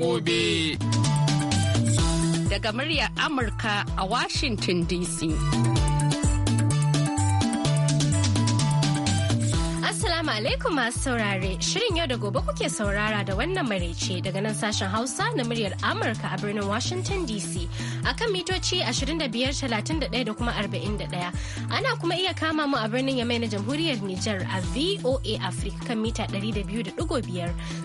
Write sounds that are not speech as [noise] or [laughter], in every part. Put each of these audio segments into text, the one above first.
gobe. Daga muryar Amurka a Washington DC. Assalamu alaikum masu saurare, shirin yau da gobe kuke saurara da wannan marece daga nan sashen Hausa na muryar Amurka a birnin Washington DC a kan mitoci 2531 da kuma 41. Ana kuma iya kama mu a birnin Yamai na Jamhuriyar Nijar a VOA Africa kan mita 200.5.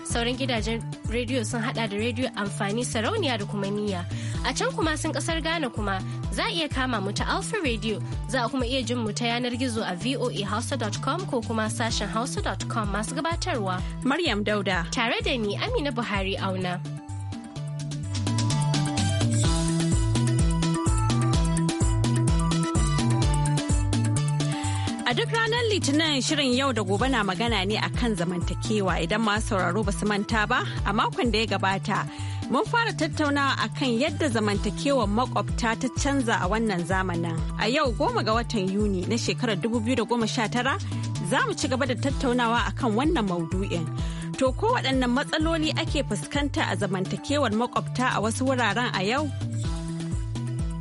Sauran gidajen rediyo sun hada da rediyo amfani sarauniya da kuma niya. A can kuma sun kasar Ghana kuma za a iya kama mu ta Alpha Radio za a kuma iya jin mu ta yanar gizo a voahausa.com ko kuma sashen hausa.com masu gabatarwa. Maryam Dauda. Tare da ni Amina Buhari auna. duk ranar Litinin shirin yau da gobe na magana ne akan zamantakewa idan masu sauraro ba su manta ba a makon da ya gabata. Mun fara tattaunawa akan yadda zamantakewar makwabta ta canza a wannan zamanin. A yau goma ga watan Yuni na shekarar 2019 za mu ci gaba da tattaunawa akan wannan maudu'in. To ko waɗannan matsaloli ake fuskanta a zamantakewar makwabta a wasu wuraren a yau?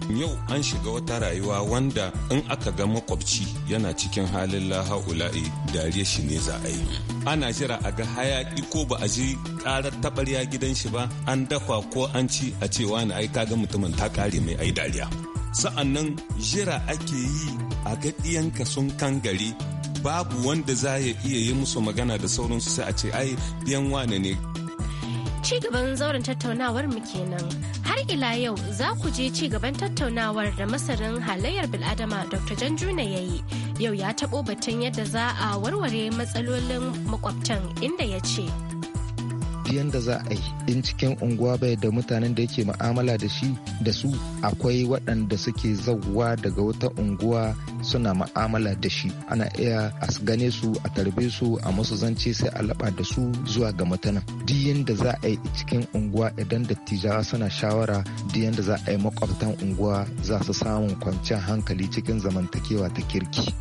yau an shiga wata rayuwa wanda in aka ga makwabci yana cikin halin laha'ula'i dariya shi ne za a yi ana jira a ga hayaki ko ba a ji karar taɓarya gidan shi ba an dafa ko an ci a cewa na aika ga mutumin ta kare mai ai dariya sa'annan jira ake yi a ga ɗiyanka sun gari babu wanda za ya iya yi musu magana da sauransu sai a ce ai ɗiyan wane ne ci gaban zauren tattaunawar mu kenan ila yau za ku je ci gaban tattaunawar da masarin halayyar bil'adama Dr. Janjuna ya yi. Yau ya taɓo batun yadda za a warware matsalolin makwabtan inda ya ce. yadda za a yi in cikin unguwa bai da mutanen da yake ma'amala da shi da su akwai waɗanda suke zauwa daga wata unguwa suna ma'amala da shi ana iya a gane su a tarbe su a musu zance sai a laba da su zuwa ga mutanen duk yadda za a yi cikin unguwa idan dattijawa suna shawara duk yadda za a yi makwabtan unguwa za su samun kwanciyar hankali cikin zamantakewa ta kirki.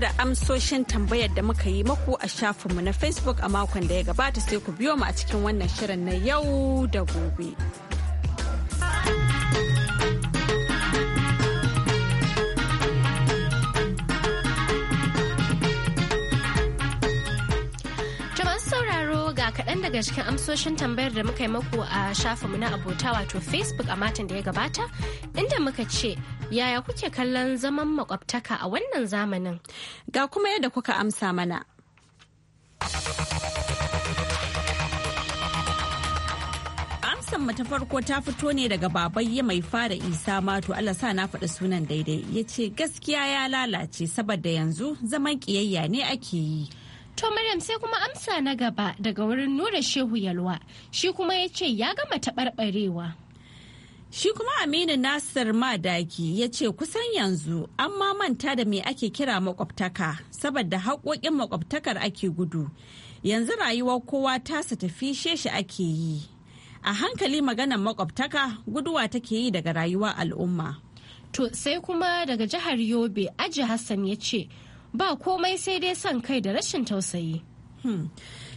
tafi da amsoshin tambayar da muka yi maku a shafinmu na Facebook a makon da ya gabata sai ku biyo mu a cikin wannan shirin na yau da gobe. kaɗan daga cikin amsoshin tambayar da muka yi maku a shafinmu na abota wato facebook a matan da ya gabata inda muka ce Yaya kuke kallon zaman makwabtaka a wannan zamanin? Ga kuma yadda kuka amsa mana. mu ta farko ta fito ne daga babayya mai fara isa mato Allah sa na faɗi sunan daidai ya ce gaskiya ya lalace saboda yanzu zaman ƙiyayya ne ake yi. To Maryam sai kuma amsa na gaba daga wurin nura shehu yalwa shi kuma ya ce ya gama taɓarɓarewa. Shi kuma Aminu Nasir Madaki ya ce kusan yanzu an ma manta da me ake kira makwabtaka saboda haƙoƙin makwabtakar ake gudu. Yanzu rayuwar kowa tasa tafi shi ake yi. A hankali maganan makwabtaka guduwa take yi daga rayuwar al'umma. To sai kuma daga jihar Yobe Aji Hassan ya ce ba komai sai dai son kai da rashin tausayi. Hmm.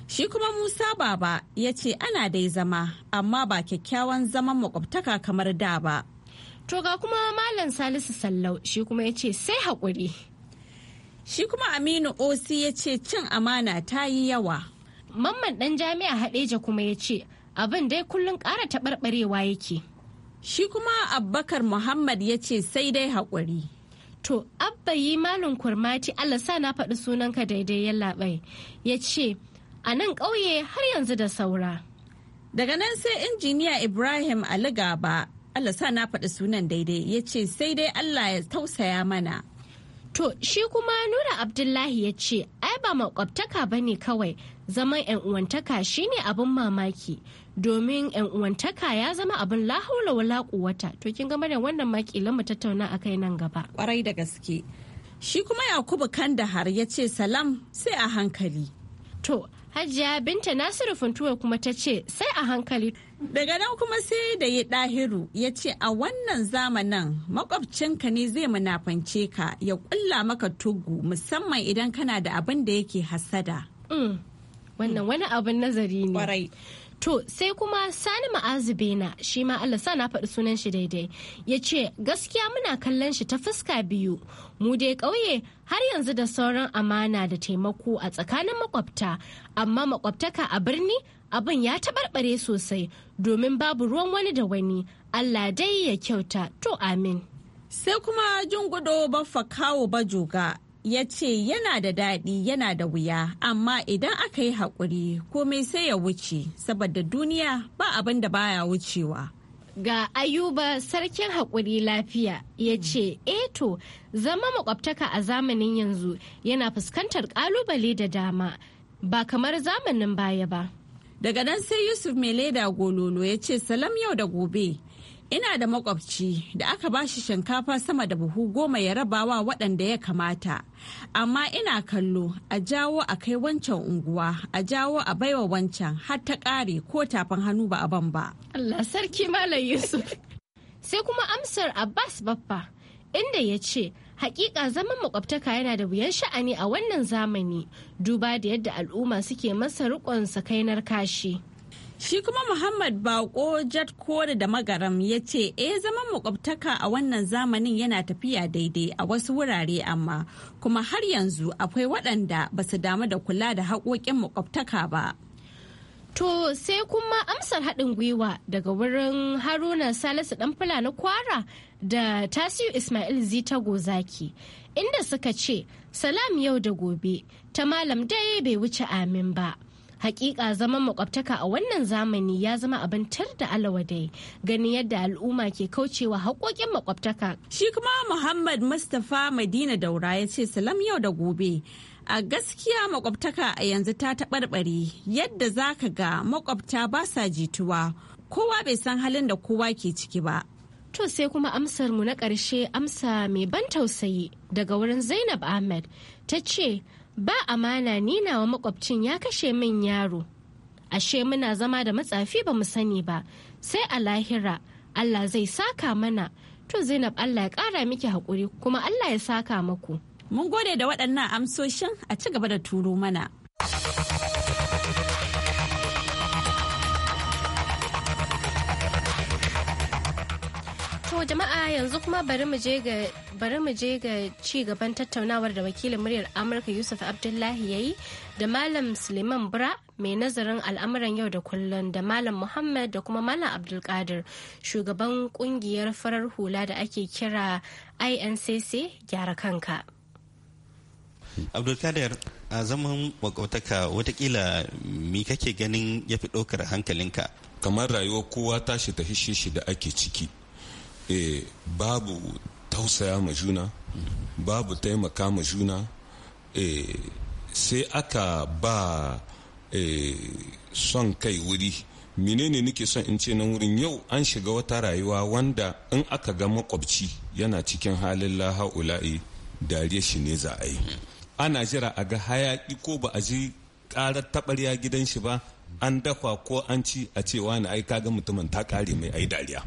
Shi kuma Musa Baba ya ce ana dai zama, amma ba kyakkyawan zaman makwabtaka kamar da ba. To ga kuma Malam Salisu Sallau shi kuma ya ce sai haƙuri. Shi kuma Aminu Osi ya ce cin amana ta yi yawa. Mamman ɗan jami'a Haɗeja kuma ya ce abin dai kullum ƙara taɓarɓarewa yake. Shi kuma Abbakar Muhammad ya ce sai dai haƙuri. To, abba yi malin kurmati Allah sa na faɗi sunanka daidai yallaɓai ya ce, a nan ƙauye har yanzu da saura. Daga nan sai injiniya Ibrahim Ali Gaba, Allah sa na faɗi sunan daidai, ya ce sai dai Allah ya tausaya mana. To, shi kuma Nura Abdullahi ya ce, ai ba makwabtaka ba ne kawai, zaman 'yan uwantaka shi ne abin mamaki, domin 'yan uwantaka ya zama abin lahaula wala kuwata. To, kin game da wannan makilan mu tattauna a kai nan gaba. Kwarai da gaske. Shi kuma Yakubu Kandahar ya ce, salam sai a hankali. To, Hajiya Binta Nasiru Funtuwa kuma ta ce sai a hankali. Daga nan kuma sai da ya ɗahiru ya ce a wannan zamanin makwabcinka ne zai munafance ka ya ƙulla maka tugu musamman idan kana da abin da yake hasada. Mm. Wannan wani abin nazari ne. To sai kuma Sani ma'azubena shi ma Allah sa na faɗi sunan shi daidai ya ce gaskiya muna kallon shi ta fuska biyu mu dai ƙauye har yanzu da sauran amana da taimako a tsakanin makwabta amma makwabtaka a birni abin ya taɓarɓare sosai domin babu ruwan wani da wani allah dai ya kyauta to amin sai kuma jungudo baffa kawo bajoga ya ce yana da daɗi yana da wuya amma idan aka yi haƙuri komai sai ya wuce saboda duniya ba abin da baya wucewa ga ayuba sarkin haƙuri lafiya ya ce eto eh zama makwabtaka a zamanin yanzu yana fuskantar ƙalubale da dama ba kamar zamanin baya ba daga nan sai yusuf mai leda gololo ya ce salam yau da gobe ina da makwabci da aka ba shi shinkafa sama da buhu goma ya rabawa waɗanda ya kamata amma ina kallo a jawo a kai wancan unguwa a jawo a baiwa wancan har ta ƙare ko tafin hannu ba a ban ba allah sarki malam yusuf sai kuma amsar abbas baffa inda ya ce hakika zaman makwabtaka yana da wuyan sha'ani a wannan zamani duba da yadda al'umma suke masa rikon sakainar kashi Shi kuma Muhammad Bako Jad Kore da Magaram ya ce, "E zaman makwabtaka a wannan zamanin yana tafiya daidai a wasu wurare amma kuma har yanzu akwai waɗanda ba su damu da kula da haƙoƙin makwabtaka ba. To sai kuma amsar haɗin gwiwa daga wurin Haruna Salisu Ɗanfula na Kwara da Tasiu Ismail Zita Gozaki, inda suka ce, "Salam yau da gobe, ta malam dai bai wuce amin ba." hakika zaman makwabtaka a wannan zamani ya zama abin tar da alawadai gani yadda al'umma ke kaucewa haƙoƙin makwabtaka shi kuma muhammad mustapha madina daura ya ce salam yau da gobe a gaskiya makwabtaka a yanzu ta taɓarɓare yadda za ka ga makwabta ba sa jituwa kowa bai san halin da kowa ke ciki ba To sai kuma amsar mu na ƙarshe amsa mai ban tausayi daga wurin Zainab Ahmed ta ce ba amana ninawa makwabcin ya kashe min yaro. Ashe muna zama da matsafi ba mu sani ba sai a lahira Allah zai saka mana to Zainab Allah ya ƙara miki hakuri kuma Allah ya saka maku. Mun gode da waɗannan amsoshin a ci gaba da turo mana. jama'a yanzu kuma bari mu je ga ci gaban tattaunawar da wakilin muryar Amurka Yusuf Abdullahi ya yi da Malam Suleiman Bura mai nazarin al'amuran yau da kullum da Malam Muhammad da kuma Malam Abdulkadir shugaban kungiyar farar hula da ake kira INCC gyara kanka. Abdulkadir a zaman makwataka watakila mi kake ganin ya fi ɗaukar hankalinka. Kamar rayuwar kowa tashi ta shi da ake ciki. eh babu tausaya ma juna babu taimaka ma juna e, sai aka ba eh, son kai wuri menene nake son in ce nan wurin yau an shiga wata rayuwa wanda in aka ga makwabci yana cikin halin laha'ula'i dariya shi ne za a yi ana jira a ga hayaki ko ba a ji karar taɓarya gidan shi ba an dafa ko an ci a cewa na ai ga mutumin ta kare mai ai dariya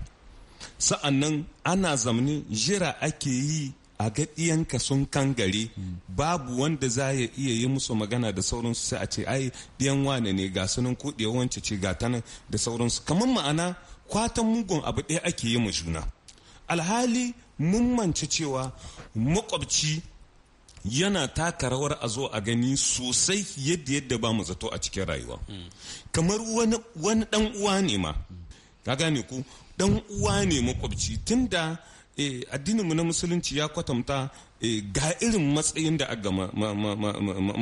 sa'annan ana zamanin jira ake yi a gaɗiyan sun kan gari babu wanda za ya iya yi musu magana da sauransu sai a ce ai ɗiyan wane ne ga sunan kuɗe wance ce ga ta da sauransu kamar ma'ana kwatan mugun abu ɗaya ake yi juna alhali mun mance cewa makwabci yana taka rawar a zo a gani sosai yadda yadda ba mu zato a cikin rayuwa mm. kamar wani ɗan uwa ne ma ka gane ku dan uwa ne makwabci tunda e, addininmu na musulunci ya kwatanta eh, ga irin matsayin da aga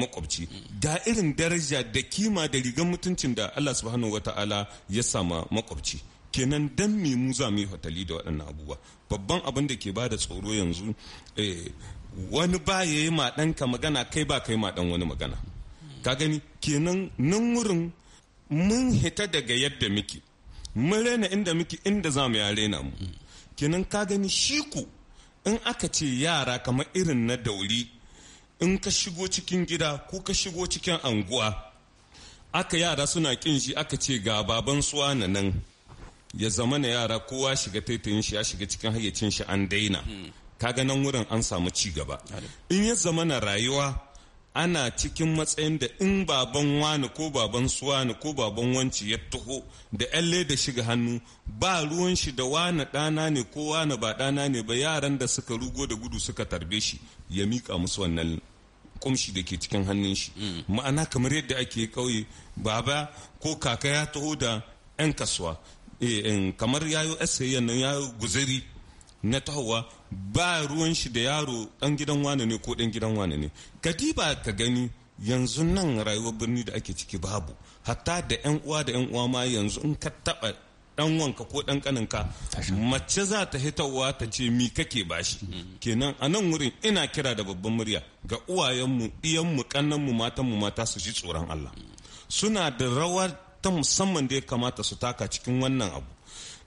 makwabci ga irin daraja da kima da rigar mutuncin da Allah subhanahu wata'ala ya sama makwabci kenan dan me mu za mu yi da waɗannan abubuwa babban abin da ke bada tsoro yanzu eh, wani ba ya yi ma ɗanka magana kai ba kai ma ɗan wani magana ka gani kenan nan wurin mun hita daga yadda muke mun raina inda muke inda za mu ya rena mu kenan ka gani shi ku in aka ce yara kamar irin na dauri in ka shigo cikin gida ko ka shigo cikin anguwa aka yara suna kin shi aka ce ga baban suwa na nan ya zama na yara kowa shiga taitayin shi ya shiga cikin hayyacin shi an daina kaga nan wurin an samu ci gaba in ya zama na rayuwa ana cikin matsayin da in baban wani ko baban suwani ko baban wanci ya taho da yalle da shiga hannu ba ruwan shi da wani ɗana ne ko wani ba ɗana ne ba yaran da suka rugo da gudu suka tarbe shi ya mika musu wannan kumshi da ke cikin hannun shi mm. ma'ana kamar yadda ake kauye baba ko kaka ya taho da 'yan kasuwa eh, eh, kamar yayo essay nan yayo guzari na tahowa ba ruwan shi da yaro dan gidan wane ne ko dan gidan wane ne katiba ka gani yanzu nan rayuwar birni da ake ciki babu hatta da yan uwa da yan uwa ma yanzu in ka taba dan wanka ko dan kaninka mace za ta hitawa ta ce mi kake bashi mm-hmm. kenan a nan wurin ina kira da babban murya ga uwayenmu iyanmu kannanmu matanmu mata su ji tsoron Allah mm. suna da rawar ta musamman da ya kamata su taka cikin wannan abu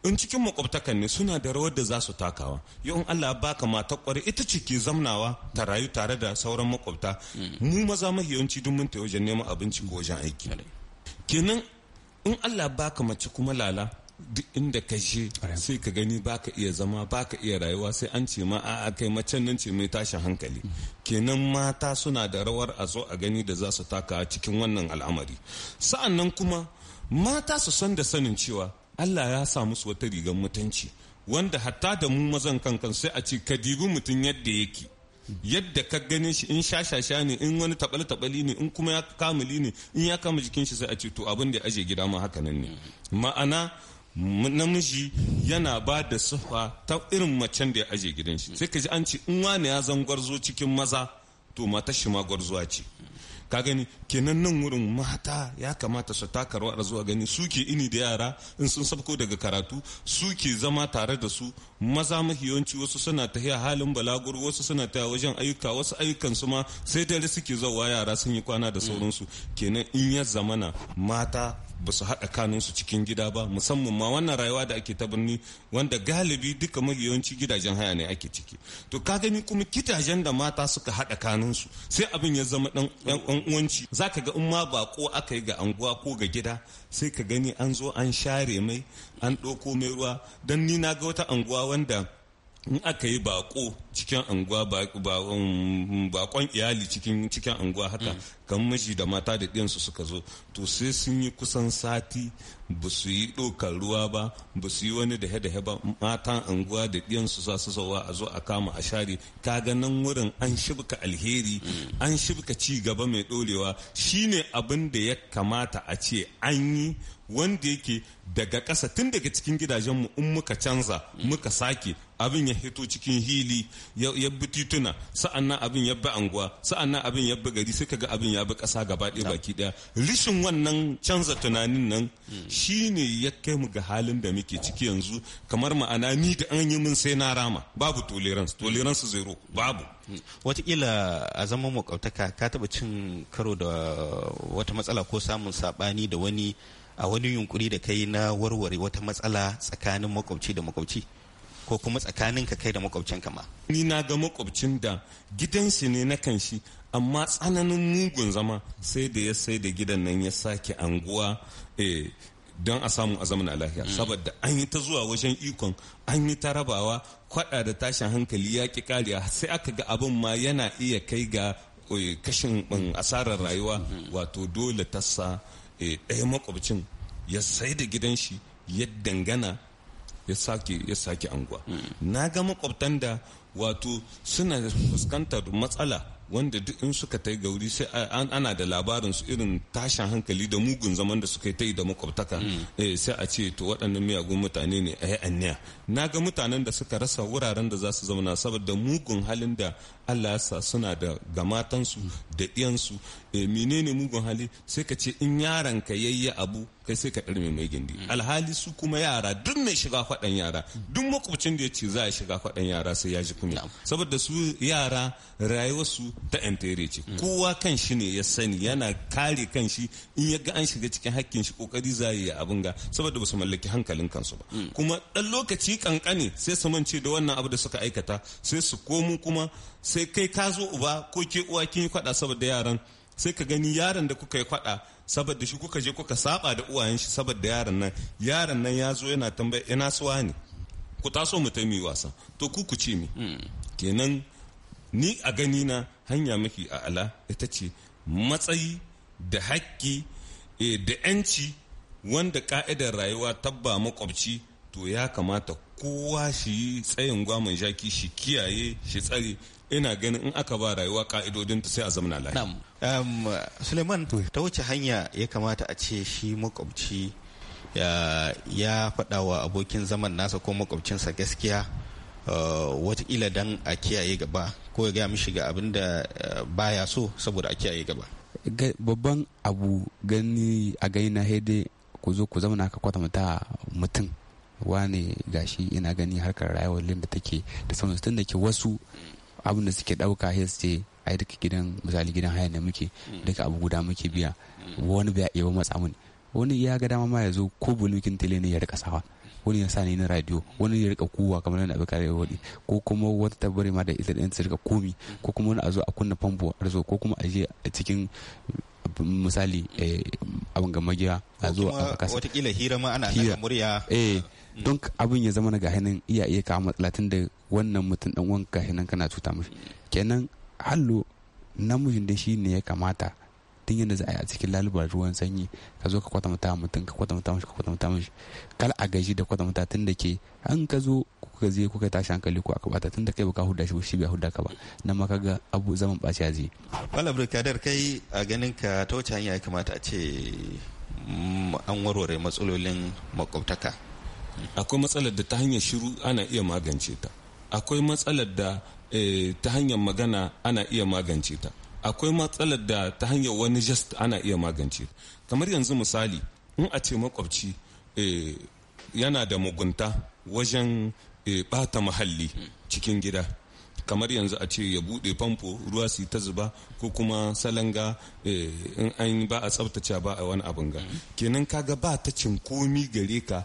in cikin makwabtakan ne suna da rawar da za su takawa yau in Allah baka mata kwari ita ce ke zamnawa ta rayu tare da sauran makwabta mu maza yawanci duk mun tayi wajen neman abinci ko wajen aiki kenan in Allah baka mace kuma lala duk inda ka je sai ka gani baka iya zama baka iya rayuwa sai an ce ma a'a kai macen nan ce mai tashin hankali kenan mata suna da rawar a zo a gani da za su taka cikin wannan al'amari sa'annan kuma mata su san da sanin cewa Allah ya sa musu wata rigar mutunci wanda hatta da mu mazan kankan sai a ce ka dibi mutum yadda yake yadda ka gani shi in shashasha ne in wani tabali tabali ne in kuma ya kamuli ne in ya kama jikin shi sai a ce to abin da ya aje gida ma haka nan ne ma'ana namiji yana ba da sufa ta irin macen da ya aje gidan shi sai ka ji an ce in wani ya zangwarzo cikin maza to matar shi ma gwarzuwa ce ka gani kenan nan wurin mata ya kamata su taka rawar zuwa gani suke ini da yara in sun sabko daga karatu suke zama tare da su maza mahiyanci wasu suna ta tafiya halin balagur wasu suna ta wajen ayyuka wasu ayyukan su ma sai dare suke zauwa yara sun yi kwana da sauransu kenan in ya zamana mata ba su haɗa kanunsu cikin gida ba musamman ma wannan rayuwa da ake ta birni wanda galibi duka yawanci gidajen haya ne ake ciki to ka gani kuma gidajen da mata suka haɗa kanunsu sai abin ya zama ɗan uwanci za ka ga in ma bako aka yi ga anguwa ko ga gida sai ka gani an zo an share mai an ɗauko mai ruwa don ni na ga wata anguwa wanda in aka yi bako cikin anguwa bakon iyali cikin cikin anguwa haka mm. kan miji da mata da ɗiyansu suka zo to sai sun yi kusan sati ba su yi ɗaukar ruwa ba ba su yi wani da dahe ba matan anguwa da ɗiyansu za su zauwa a zo a kama a share ka ganin wurin an shibka alheri mm. an shibka ci gaba mai ɗorewa shine abin da ya kamata a ce an yi wanda yake daga ƙasa tun daga cikin gidajenmu in muka canza mm. muka sake abin ya hito cikin hili ya bi tituna sa'annan abin ya bi anguwa sa'annan abin ya bi gari sai ga abin ya bi ƙasa gaba ɗaya baki ɗaya rishin wannan canza tunanin nan shine ya kai mu ga halin da muke ciki yanzu kamar ma'ana ni da an yi min sai na rama babu tolerance tolerance zero babu watakila a zaman kautaka ka taba cin karo da wata matsala ko samun sabani da wani a wani yunkuri da kai na warware wata matsala tsakanin makwabci da makwabci ko kuma tsakanin ka kai da makwabcinka ma ni na ga makwabcin da gidan shi ne na kan shi amma tsananin mugun zama sai da ya sai da gidan nan ya sake anguwa eh, don a samu a na lafiya mm. saboda an yi ta zuwa wajen ikon an yi ta rabawa kwada da tashin hankali ya ki kariya sai aka ga abin ma yana iya kai ga eh, kashin mm, asarar rayuwa mm. wato dole ta sa eh, ɗaya makwabcin ya sai da gidan shi ya dangana ya sake ya sake anguwa hmm. na ga makwabtan da wato suna fuskantar matsala wanda duk in suka tai gauri sai ana da labarin su irin tashin hankali da mugun zaman da suka ta yi da makwabtaka hmm. eh, sai a ce to waɗannan miyagun mutane ne a yi anniya na ga mutanen da suka rasa wuraren da za su zauna saboda mugun halin da allah sa suna da gamatansu da iyansu. Eh, menene mugun hali sai ka ce in yaron ka yayye abu kai sai ka ɗar mai gindi mm. alhali su kuma yara duk mai shiga faɗan yara duk makwabcin da ya ce za a shiga faɗan yara sai ya ji kunya saboda su yara rayuwarsu ta entere ce mm. kowa kan shi ne ya sani yana kare kan shi in ya ga an shiga cikin hakkin shi kokari za yi abin ga saboda ba su mallaki hankalin kansu ba mm. kuma ɗan lokaci kankane sai su mance da wannan abu da suka aikata sai su komo kuma sai kai ka zo uba ko ke uwa kin yi faɗa saboda yaran sai ka gani yaron da kuka yi faɗa saboda shi kuka je kuka saba da uwayen shi saboda yaron nan yaron nan ya zo yana tambaya ina suwa ne ku taso mu taimi wasa to ku ku ce mi hmm. kenan ni a gani na hanya a ala ita ce matsayi da hakki eh, da 'yanci wanda ka'idar rayuwa tabba makwabci to ya kamata kowa shi tsayin gwaman shaki shi kiyaye shi tsari ina ganin in aka ba rayuwa ka'idodin ta sai a zamana lafiya suleiman ta wace hanya ya kamata a ce shi makwabci ya faɗa wa abokin zaman nasa ko makwabcinsa gaskiya eh, watakila dan a kiyaye gaba ko ya gaya mishi ga abin da eh, baya so saboda a kiyaye gaba babban abu gani a gani na haidai ku zo ku zama ka kwatanta mutum wane gashi ina gani harkar rayuwar da take da samun tun da ke wasu abin da suke ɗauka sai ai duka gidan misali gidan haya ne muke hmm. duka abu guda muke biya hmm. wani bai iya matsa mun wani ya ga dama ma ya zo ko bulukin tele ne ya rika sawa wani ya sa ni na radio wani ya rika kuwa kamar yadda abu kare wadi ko kuma wata tabbare ma da ita ta rika komi ko kuma wani a zo a kunna famfo a zo ko kuma a je a cikin misali eh, abin ga magiya a zo a kasa watakila hira ma ana hira murya eh hmm. don abin ya zama na gahinan iya iya kawo matsala tun da wannan mutum dan wanka gahinan kana cuta mashi kenan hallo namijin da shi ne ya kamata tun yadda za a yi a cikin lalubar ruwan sanyi ka zo ka kwatanta mutum ka kwatanta mishi ka kwatanta mishi kal a gaji da kwatanta tun da ke an ka zo kuka je kuka tashi hankali ko aka bata tun da kai baka huda shi shi bai huda ka ba nan ma kaga abu zaman ɓaci a zai. wala burkadar kai a ganin ka ta wace hanya ya kamata a ce an warware matsalolin makwabtaka. akwai matsalar da ta hanyar shiru ana iya magance ta akwai matsalar da Eh, ta hanyar magana ana iya magance ta akwai matsalar da ta hanyar wani jest ana iya magance ta kamar yanzu misali in a ce makwabci eh, yana da mugunta wajen bata eh, muhalli cikin gida kamar yanzu a ce ya bude famfo ruwa su ta zuba ko kuma salanga in an ba a tsabtace ba a wani abin ga kenan kaga ba ta cin komi gare ka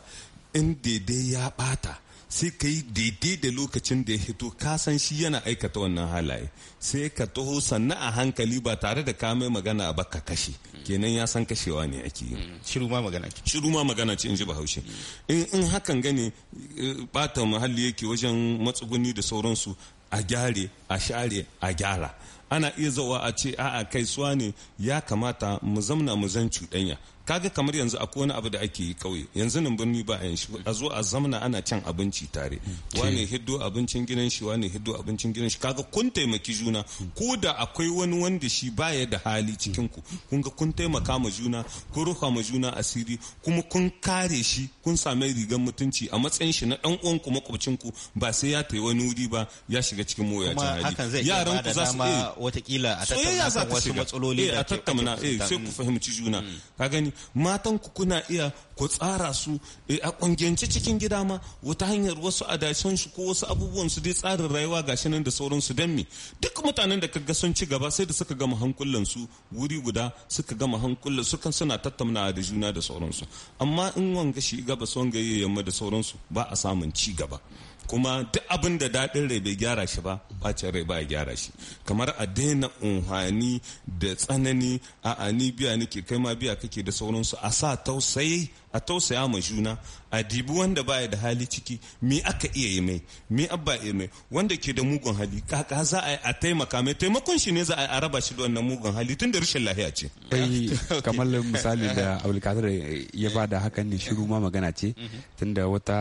in daidai ya bata sai ka yi daidai da lokacin da ya hito ka shi yana aikata wannan halaye sai ka taho sannan a hankali ba tare da ka mai magana ba ka kashe kenan ya san kashewa ne ake yi mm. shiru ma magana ce shiru ma magana ce in ji bahaushe mm. in hakan gane eh, bata muhalli yake wajen matsuguni da sauransu a gyare a share a gyara ana iya zawa a ce a'a kai suwa ne ya kamata mu zamna mu zan cuɗanya kaga kamar yanzu akwai wani abu da ake yi kauye yanzu nan birni ba a shi a zo a zamna ana can abinci tare mm. wane hiddo abincin gidan shi wane hiddo abincin gidan shi kaga kun taimaki juna ko da akwai wani wanda shi baya da hali cikin ku kun ga kun taimaka ma juna kun rufa ma juna asiri kuma kun kare shi kun same rigar mutunci a matsayin shi na dan uwan ku makwabcin ku ba sai ya tai wani wuri ba ya shiga cikin mawuyacin hali yaran ku za su watakila a tattauna kan wasu matsaloli eh, da ke tattauna eh sai ku fahimci juna hmm. ka gani matan ku kuna iya ku tsara su eh, a kungiyance cikin gida ma wata hanyar wasu adashin su ko wasu abubuwan su dai tsarin rayuwa gashi nan da sauran su dan me duk mutanen da kaga sun ci gaba sai da suka gama hankulan su wuri guda suka gama hankulan su kan suna tattaunawa da juna da sauransu amma in wanga shi gaba son ga yamma da sauransu ba a samun ci gaba kuma duk abin da daɗin rai bai gyara shi ba bacin rai ba ya gyara shi kamar a daina unhani da tsanani a ani biya nake kai ma biya kake da sauransu a sa tausayi a tausaya ma juna a dibi wanda baya da hali ciki me aka iya yi mai me abba iya mai wanda ke da mugun hali kaka za a a taimaka mai taimakon shi ne za a raba shi da wannan mugun hali tun da rashin lahiya ce [laughs] kamar misali da abulkatar ya ba da hakan ne shiru ma magana ce tun da wata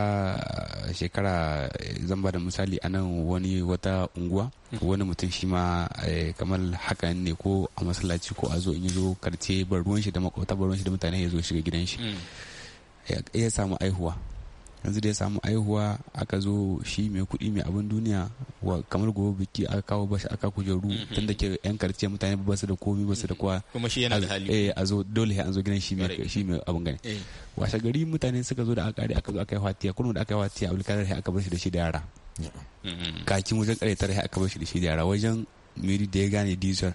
shekara zan ba da misali a nan wani wata unguwa wani mutum shi ma eh, kamar haka ne ko a masallaci ko a zo in zo karce bar ruwan shi da makwabta bar shi da mutane ya zo shiga gidan shi mm. ya samu aihuwa yanzu da ya samu aihuwa aka zo shi mai kuɗi mai abin duniya wa kamar gobe biki aka kawo shi aka kujeru mm-hmm. tun da ke yan karce mutane ba su da komi ba su da mm-hmm. kowa kuma shi yana da hali eh a zo dole an zo gidan shi mai shi mai abin gani eh. washe gari mutane suka zo da aka aka zo aka yi hatiya kurun da aka yi hatiya abulkarar aka bar shi da shi da yara kakin wajen karetar ya aka bashi da shi yara wajen miri da ya gane diesel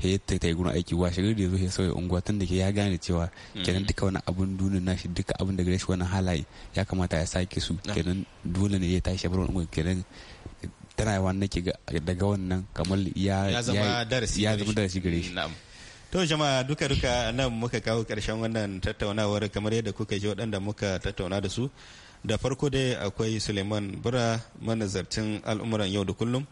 ya yi ta yi gurin aiki wa shigar da ya zo ya sauya unguwa tun da ke ya gane cewa kenan duka wani abun dunin nashi duka abun da gare shi wani halaye ya kamata ya sake su ah. kenan dole ne ya tashi ya bar wani unguwa kenan tana yawa nake daga wannan kamar ya zama darasi gare shi To jama'a duka-duka nan muka kawo karshen wannan tattaunawar kamar yadda kuka ji waɗanda muka tattauna da su da farko dai akwai suleiman bura manazarcin al'umuran yau da kullum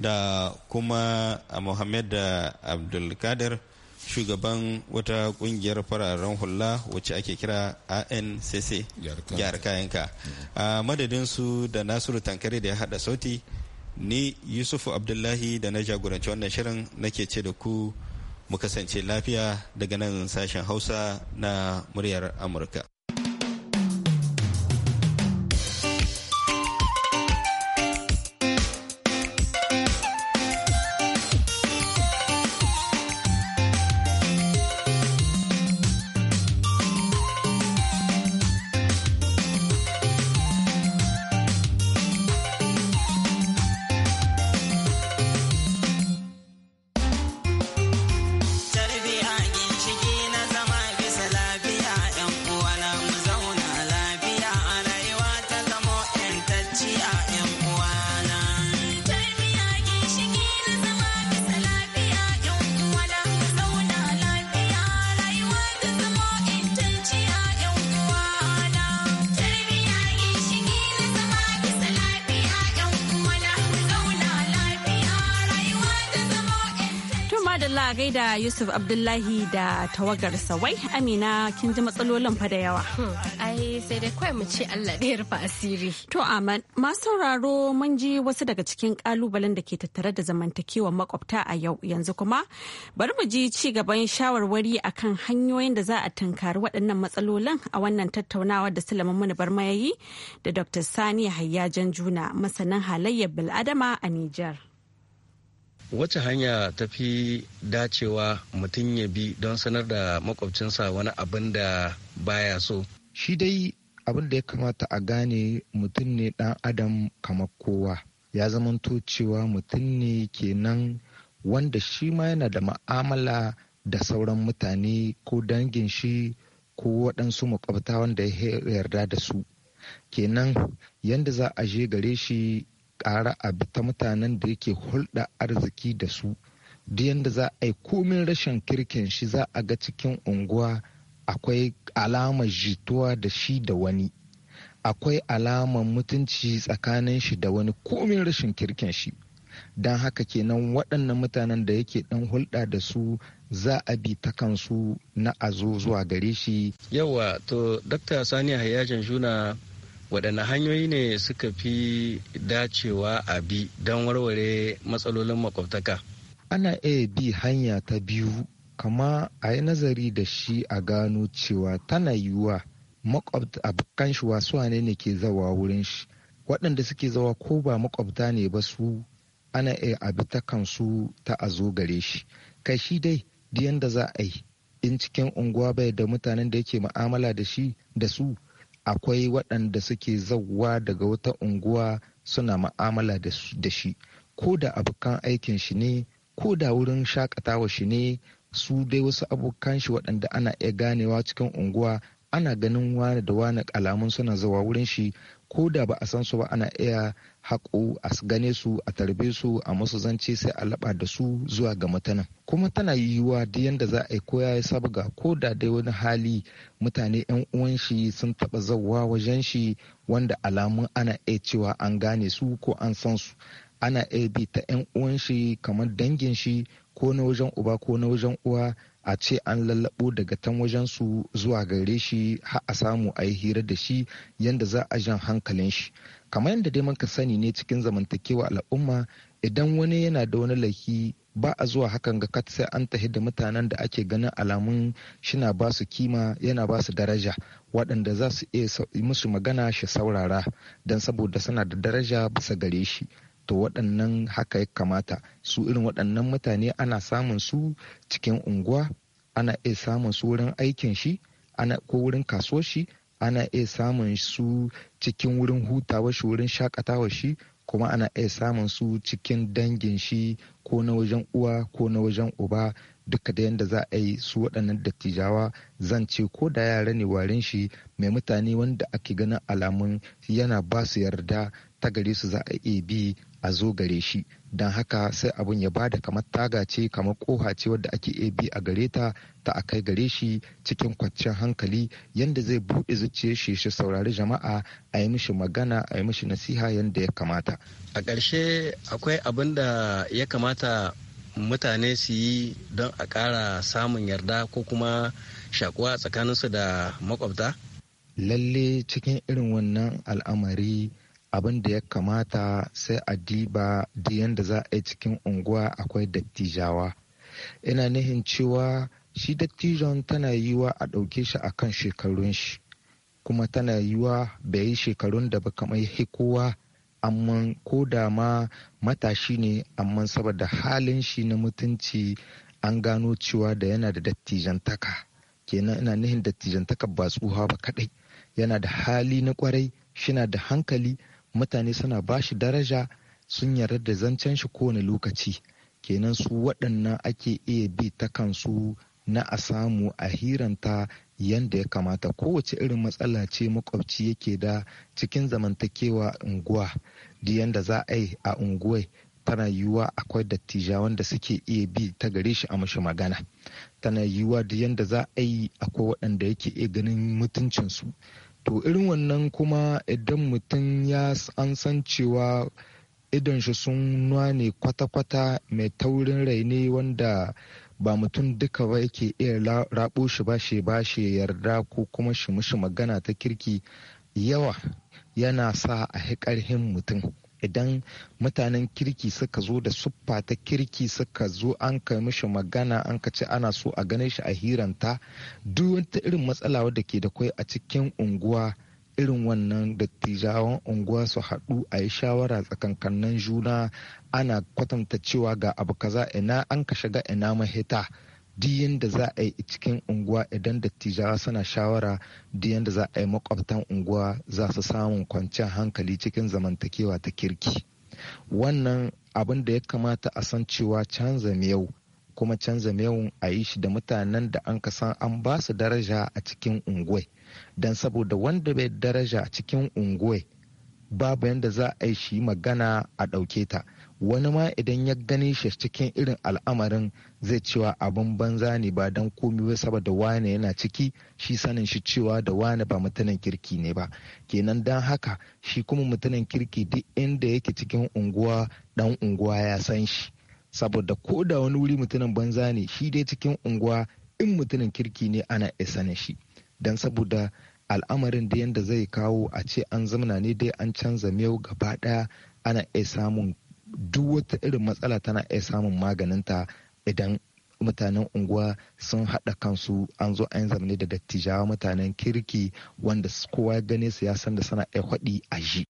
da kuma muhammad da abdulkadir shugaban wata kungiyar fararen hula wacce ake kira ancc gyar kayanka a madadin su da nasiru tankare da ya hada sauti ni Yusuf abdullahi da na jagoranci wannan shirin nake ce da ku mu kasance lafiya daga nan sashen hausa na muryar amurka da Yusuf Abdullahi da tawagarsa wai Amina kin ji matsalolin fa da yawa. Hmm, ai sai dai kawai mu ce Allah da ya asiri. To aman masu sauraro mun ji wasu daga cikin kalubalen da ke tattare da zamantakewa makwabta a yau yanzu kuma bari mu ji ci gaban shawarwari akan hanyoyin da za a tunkari waɗannan matsalolin a wannan tattaunawa da Sulaiman Muni Barmayayi da Dr. Sani Hayyajan Juna masanin halayyar bil'adama a Nijar. wacce hanya ta fi dacewa mutum ya bi don sanar da makwabcinsa wani abin da baya so shi dai abin da ya kamata a gane mutum ne dan adam kamar kowa ya zamanto cewa mutum ne kenan wanda shi ma yana da ma'amala da sauran mutane ko dangin shi ko waɗansu makwabta wanda ya yarda da su kenan yadda za a je gare shi kara abu ta mutanen da yake hulɗa arziki da su duk yadda za a yi komin rashin kirkin shi za a ga cikin unguwa akwai alamar jituwa da shi da wani akwai alamar mutunci tsakanin shi da wani komin rashin kirkin shi don haka kenan waɗannan mutanen da yake ɗan hulɗa da su za a bi ta kansu na azo zuwa gare shi yawa to dakta saniya hayyajan juna waɗanne hanyoyi ne suka fi dacewa a bi don warware matsalolin makwabtaka ana iya bi hanya ta biyu kama a yi nazari da shi a gano cewa tana yiwuwa makwabta abokan shi wasu ne ke zawa wurin shi waɗanda suke zawa ko ba makwabta ne ba su ana iya abi ta kansu ta a zo gare shi kai shi dai diyan da za a yi in cikin unguwa bai da mutanen da yake ma'amala da shi da su akwai waɗanda suke zauwa daga wata unguwa suna ma'amala da shi ko da abokan aikin shi ne ko da wurin shakatawa shi ne su dai wasu abokan shi waɗanda ana iya ganewa cikin unguwa ana ganin wane da wane alamun suna zawa wurin shi ko da ba a san su ba ana iya haƙo a gane su a tarbe su a musu zance sai a laɓa da su zuwa ga mutanen kuma tana yiwuwa duk yadda za a yi ko ya yi sabga ko da dai wani hali mutane yan uwan shi sun taɓa zawa wajen shi wanda alamun ana iya cewa an gane su ko an san su ana iya bi ta yan uwan shi kamar dangin shi ko na wajen uba ko na wajen uwa a ce an lallabo daga tan wajen su zuwa gare shi har a samu a yi hira da shi yadda za a jan hankalin shi kamar yadda dai ka sani ne cikin zamantakewa al'umma idan wani yana da wani laifi ba a zuwa hakan ga kat sai an tahi da mutanen da ake ganin alamun shina ba su kima yana ba su daraja waɗanda za su iya musu magana shi saurara don saboda suna da daraja bisa gare shi to waɗannan haka ya kamata su irin waɗannan mutane ana samun su cikin unguwa ana iya samun su wurin aikin shi ana ko wurin kaso shi ana iya samun su cikin wurin hutawa shi wurin shakatawa shi kuma ana iya samun su cikin dangin shi ko na wajen uwa ko na wajen uba duka da yadda za a yi su waɗannan dattijawa zan ce ko da yara ne warin shi mai mutane wanda ake ganin alamun yana ba su yarda ta gare su za a iya bi a zo gare shi don haka sai abun ya bada kamar taga ce kamar koha ce wadda ake iya bi a gare ta ta a kai gare shi cikin kwanciyar hankali yadda zai buɗe zuciyar shi shi saurari jama'a a yi mishi magana a yi mishi nasiha yadda ya kamata a ƙarshe akwai abin da ya kamata mutane su yi don a ƙara samun yarda ko kuma shakuwa tsakaninsu da makwabta lalle cikin irin wannan al'amari abin da ya kamata sai a diba da yadda za a yi cikin unguwa akwai dattijawa ina nihin cewa shi dattijon tana yiwa a ɗauke shi akan shekarun shi kuma tana yiwa bai yi shekarun da ba kamar kowa amma ko da ma matashi ne amma saboda halin shi na mutunci an gano cewa da yana da dattijantaka kenan ina nihin taka ba tsuha ba kadai yana da hali na kwarai shina da hankali mutane suna ba shi daraja sun yarda da zancen shi kowane lokaci kenan su waɗannan ake iya bi ta kansu na a samu a hiranta yadda ya kamata kowace irin matsala ce makwabci yake da cikin zamantakewa unguwa da yadda za a yi a unguwai tana yiwuwa akwai dattija wanda suke iya bi ta gare shi a mashi magana tana yiwuwa da yadda za a yi akwai waɗanda yake iya ganin mutuncinsu to irin wannan kuma idan mutum ya an san cewa idan shi sun nwane kwata-kwata mai taurin rai ne wanda ba mutum duka ba yake iya rabo shi ba shi ba shi yarda ko kuma shi mushi magana ta kirki yawa yana sa a hikarhin mutum idan mutanen kirki suka zo da suffa ta kirki suka zo an kai mishi magana an ka ce ana so a gane shi a hiranta duk wata irin matsala wadda ke da kwai a cikin unguwa irin wannan dattijawan unguwa su haɗu a yi shawara tsakankanin juna ana kwatanta cewa ga abu kaza ina an ka shiga ina mahita duk yadda za a yi cikin unguwa idan dattijawa suna shawara duk yadda za a yi makwabtan unguwa za su samun kwanciyar hankali cikin zamantakewa ta kirki wannan abin da ya kamata a san cewa canza miyau kuma canza miyau a yi shi da mutanen da an ka san an ba su daraja a cikin unguwai don saboda wanda bai daraja a cikin unguwai babu yadda za a yi shi magana a ɗauke ta wani ma idan ya gani shi cikin irin al'amarin zai cewa abin banza ne ba don komi ba saboda wane yana ciki shi sanin shi cewa da wane ba mutumin kirki ne ba kenan don haka shi kuma mutumin kirki duk inda yake cikin unguwa dan unguwa ya san shi saboda ko da wani wuri mutumin banza ne shi dai cikin unguwa in mutumin kirki ne ana isa na shi don saboda al'amarin da yadda zai kawo a ce an zamana ne dai an canza miyau gaba ɗaya ana iya samun duk wata irin matsala tana iya samun maganinta idan mutanen unguwa sun haɗa kansu an zo an zamani da dattijawa mutanen kirki wanda kowa ya gane su ya san da suna iya haɗi a ji.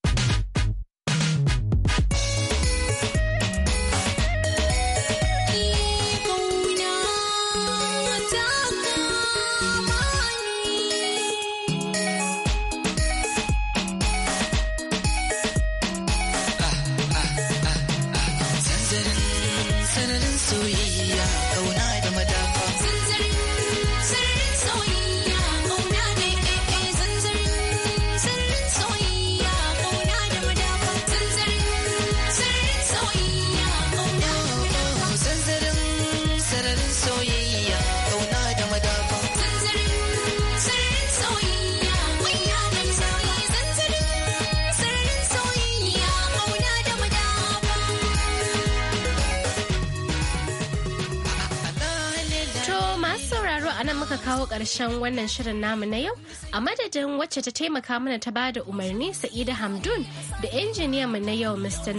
kawo ƙarshen wannan shirin namu na yau a madadin wacce ta taimaka mana ta ba da umarni sa'ida hamdun da mu na yau mr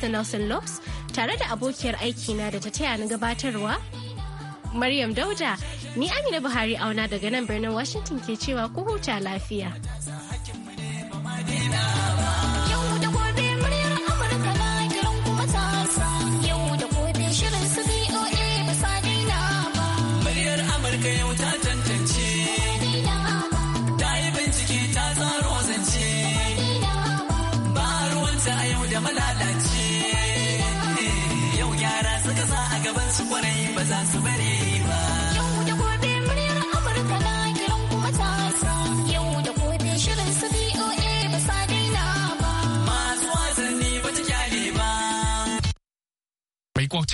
nelson lopes tare da abokiyar aikina da ta taya ni gabatarwa maryam dauda ni amina buhari auna daga nan birnin washington ke cewa ku huta lafiya. I'm so ready.